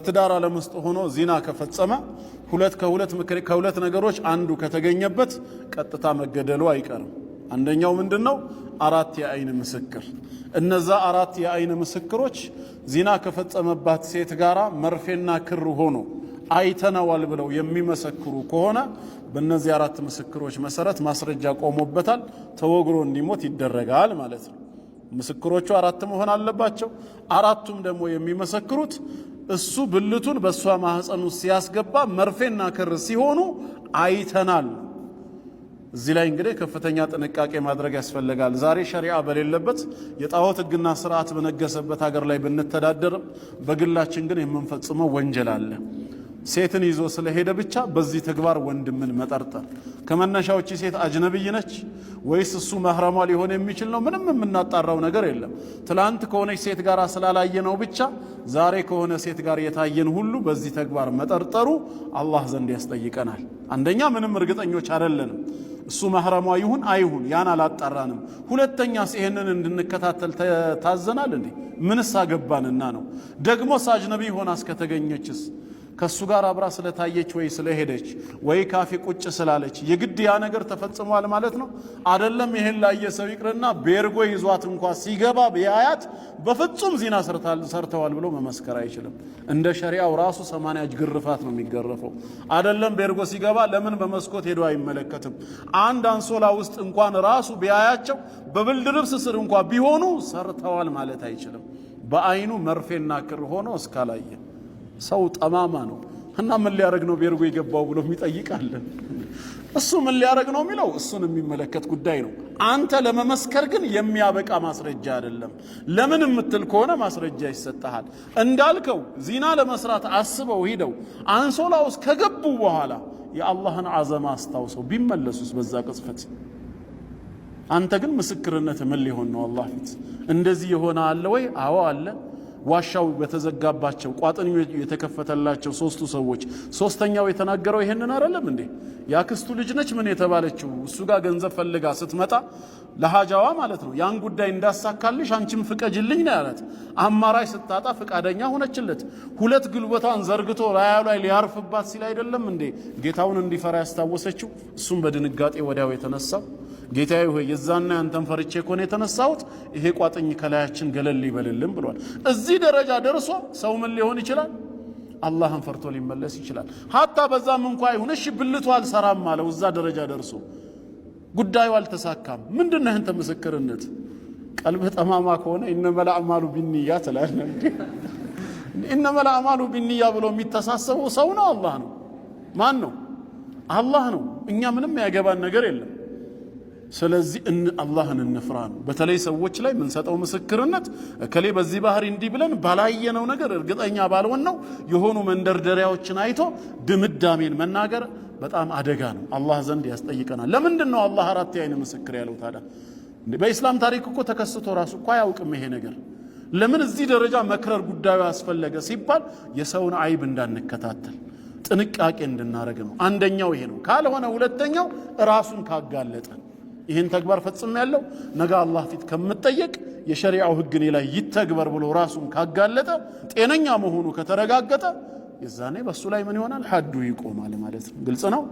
በትዳር ዓለም ውስጥ ሆኖ ዚና ከፈጸመ ሁለት ከሁለት ነገሮች አንዱ ከተገኘበት ቀጥታ መገደሉ አይቀርም። አንደኛው ምንድን ነው? አራት የአይን ምስክር። እነዛ አራት የአይን ምስክሮች ዚና ከፈጸመባት ሴት ጋራ መርፌና ክር ሆኖ አይተነዋል ብለው የሚመሰክሩ ከሆነ በእነዚህ አራት ምስክሮች መሰረት ማስረጃ ቆሞበታል፣ ተወግሮ እንዲሞት ይደረጋል ማለት ነው። ምስክሮቹ አራት መሆን አለባቸው። አራቱም ደግሞ የሚመሰክሩት እሱ ብልቱን በእሷ ማህፀን ውስጥ ሲያስገባ መርፌና ክር ሲሆኑ አይተናል። እዚህ ላይ እንግዲህ ከፍተኛ ጥንቃቄ ማድረግ ያስፈልጋል። ዛሬ ሸሪዓ በሌለበት የጣዖት ሕግና ስርዓት በነገሰበት ሀገር ላይ ብንተዳደርም በግላችን ግን የምንፈጽመው ወንጀል አለ። ሴትን ይዞ ስለሄደ ብቻ በዚህ ተግባር ወንድምን መጠርጠር ከመነሻዎች ሴት አጅነብይ ነች ወይስ እሱ መህረሟ ሊሆን የሚችል ነው? ምንም የምናጣራው ነገር የለም። ትላንት ከሆነች ሴት ጋር ስላላየነው ብቻ ዛሬ ከሆነ ሴት ጋር የታየን ሁሉ በዚህ ተግባር መጠርጠሩ አላህ ዘንድ ያስጠይቀናል። አንደኛ ምንም እርግጠኞች አይደለንም፣ እሱ መህረሟ ይሁን አይሁን ያን አላጣራንም። ሁለተኛ ይህንን እንድንከታተል ታዘናል እንዴ? ምንስ አገባንና ነው? ደግሞስ አጅነቢ ሆና እስከተገኘችስ ከእሱ ጋር አብራ ስለታየች ወይ ስለሄደች ወይ ካፌ ቁጭ ስላለች የግድ ያ ነገር ተፈጽሟል ማለት ነው አደለም። ይህን ላየ ሰው ይቅርና ቤርጎ ይዟት እንኳ ሲገባ ቢያያት በፍጹም ዚና ሰርተዋል ብሎ መመስከር አይችልም። እንደ ሸሪዓው ራሱ ሰማንያ ግርፋት ነው የሚገረፈው። አደለም ቤርጎ ሲገባ ለምን በመስኮት ሄዶ አይመለከትም? አንድ አንሶላ ውስጥ እንኳን ራሱ ቢያያቸው በብልድ ልብስ ስር እንኳ ቢሆኑ ሰርተዋል ማለት አይችልም። በአይኑ መርፌና ክር ሆኖ እስካላየ ሰው ጠማማ ነው እና ምን ሊያደርግ ነው ቤርጎ የገባው ብሎ የሚጠይቃለን። እሱ ምን ሊያደርግ ነው የሚለው እሱን የሚመለከት ጉዳይ ነው። አንተ ለመመስከር ግን የሚያበቃ ማስረጃ አይደለም። ለምን የምትል ከሆነ ማስረጃ ይሰጠሃል። እንዳልከው ዚና ለመስራት አስበው ሂደው አንሶላ ውስጥ ከገቡ በኋላ የአላህን አዘማ አስታውሰው ቢመለሱስ በዛ ቅጽፈት አንተ ግን ምስክርነት ምን ሊሆን ነው? አላህ ፊት እንደዚህ የሆነ አለ ወይ? አዎ አለ። ዋሻው በተዘጋባቸው ቋጥኙ የተከፈተላቸው ሶስቱ ሰዎች ሶስተኛው የተናገረው ይሄንን አይደለም እንዴ? የአክስቱ ልጅ ነች ምን የተባለችው እሱ ጋር ገንዘብ ፈልጋ ስትመጣ ለሃጃዋ ማለት ነው። ያን ጉዳይ እንዳሳካልሽ አንቺም ፍቀጅልኝ ነው ያላት። አማራጭ ስታጣ ፍቃደኛ ሆነችለት። ሁለት ግልቦታን ዘርግቶ ላያ ላይ ሊያርፍባት ሲል አይደለም እንዴ ጌታውን እንዲፈራ ያስታወሰችው? እሱም በድንጋጤ ወዲያው የተነሳው ጌታዬ ሆይ የዛና ያንተን ፈርቼ ከሆነ የተነሳሁት ይሄ ቋጥኝ ከላያችን ገለል ይበልልን ብሏል። እዚህ ደረጃ ደርሶ ሰው ምን ሊሆን ይችላል? አላህን ፈርቶ ሊመለስ ይችላል። ሀታ በዛም እንኳ ይሁን እሺ ብልቱ አልሰራም አለው። እዛ ደረጃ ደርሶ ጉዳዩ አልተሳካም። ምንድን ነህ አንተ ምስክርነት? ቀልብህ ጠማማ ከሆነ ኢነመል አዕማሉ ቢንያ ትላለህ። ኢነመል አዕማሉ ቢንያ ብሎ የሚተሳሰበው ሰው ነው አላህ ነው? ማን ነው? አላህ ነው። እኛ ምንም ያገባን ነገር የለም። ስለዚህ አላህን እንፍራ ነው። በተለይ ሰዎች ላይ የምንሰጠው ምስክርነት እከሌ በዚህ ባህሪ እንዲህ ብለን ባላየነው ነገር እርግጠኛ ባልሆን ነው የሆኑ መንደርደሪያዎችን አይቶ ድምዳሜን መናገር በጣም አደጋ ነው፣ አላህ ዘንድ ያስጠይቀናል። ለምንድን ነው አላህ አራት የዓይን ምስክር ያለው ታዲያ? በኢስላም ታሪክ እኮ ተከስቶ ራሱ እኮ አያውቅም ይሄ ነገር። ለምን እዚህ ደረጃ መክረር ጉዳዩ አስፈለገ ሲባል የሰውን አይብ እንዳንከታተል ጥንቃቄ እንድናደርግ ነው። አንደኛው ይሄ ነው። ካልሆነ ሁለተኛው ራሱን ካጋለጠ ይህን ተግባር ፈጽም ያለው ነገ አላህ ፊት ከምጠየቅ የሸሪዓው ህግ እኔ ላይ ይተግበር ብሎ ራሱን ካጋለጠ ጤነኛ መሆኑ ከተረጋገጠ የዛኔ በሱ ላይ ምን ይሆናል? ሐዱ ይቆማል ማለት ነው። ግልጽ ነው።